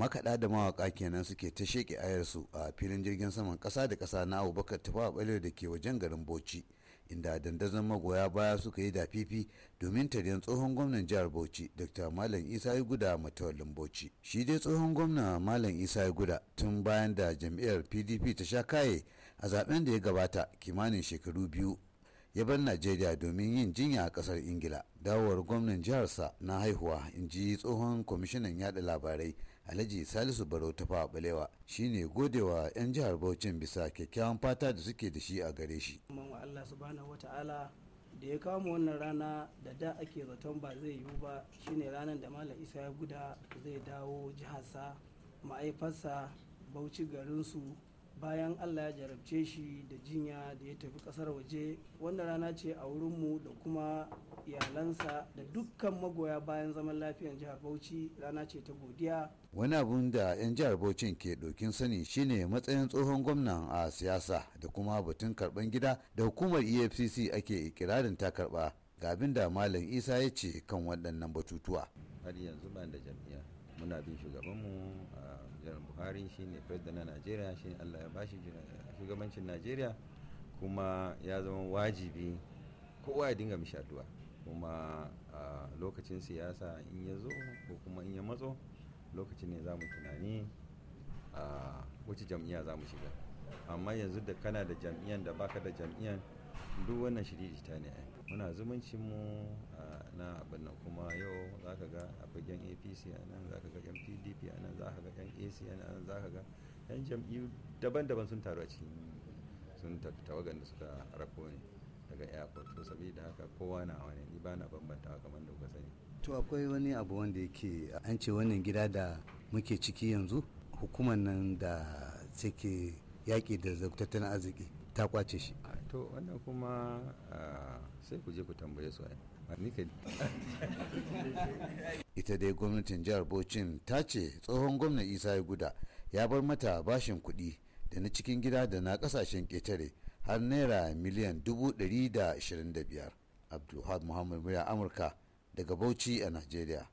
makaɗa da mawaƙa kenan suke ta sheƙe ayarsu a filin jirgin saman ƙasa da ƙasa na abubakar tafa ɓalewa da ke wajen garin bauchi inda dandazon magoya baya suka yi da dafifi domin taryan tsohon gwamnan jihar bauchi dr malam isa guda matawalin bauchi shi dai tsohon gwamna malam isa guda tun bayan da jam'iyyar pdp ta sha kaye a zaben da ya gabata kimanin shekaru biyu ya bar najeriya domin yin jinya a kasar ingila dawowar gwamnan jiharsa na haihuwa in ji tsohon kwamishinan yada labarai alhaji salisu barau ta fawa balewa shine godewa 'yan jihar Bauchin bisa kyakkyawan fata da suke da shi a gare shi allah subhanahu wataala da ya kama wannan rana da da ake zaton ba zai yiwu ba shine ranar da malam isa ya guda zai dawo jiharsa ma'aifarsa bauchi garinsu bayan allah ya jarabce shi da jinya da ya tafi kasar waje wanda rana ce a wurinmu da kuma iyalansa da dukkan magoya bayan zaman lafiyar jihar bauchi rana ce ta godiya wani abun da 'yan jihar bauchi ke dokin sani shine matsayin tsohon gwamnan a siyasa da kuma batun karban gida da hukumar efcc ake ikirarin ta karba ga abin da malam isa ya ce kan waɗannan batutuwa har yanzu ban da jam'iyya muna bin shugaban mu a jiran buhari shine president na najeriya ne allah ya bashi shugabancin najeriya kuma ya zama wajibi kowa ya dinga mishi addu'a kuma a lokacin siyasa in ya zo ko kuma in ya matso lokacin ne za mu tunani a wace jam'iyya za mu shiga amma yanzu da kana da jam'iyyar da baka da jam'iyyar duk wannan shiri ta ne muna zumuncin mu na abin nan kuma yau za ka ga a fagen apc a nan za ka ga yan pdp a nan za ka ga yan ac a nan za ka ga yan jam'iyyu daban-daban sun taru a cikin sun tawagan da suka rako ne daga airport to saboda haka kowa na wani ni ba na bambanta kamar da kuka sani to akwai wani abu wanda yake an ce wannan gida da muke ciki yanzu hukumar nan da take yaƙi da tattalin arziki ta kwace shi to wannan kuma sai ku je ku tambaye su ita dai gwamnatin jihar bocin ta ce tsohon gwamnan isa ya guda ya bar mata bashin kuɗi da na cikin gida da na ƙasashen ƙetare har naira miliyan dubu ɗari da ashirin da biyar abdulhad muhammad murya amurka daga bauchi a najeriya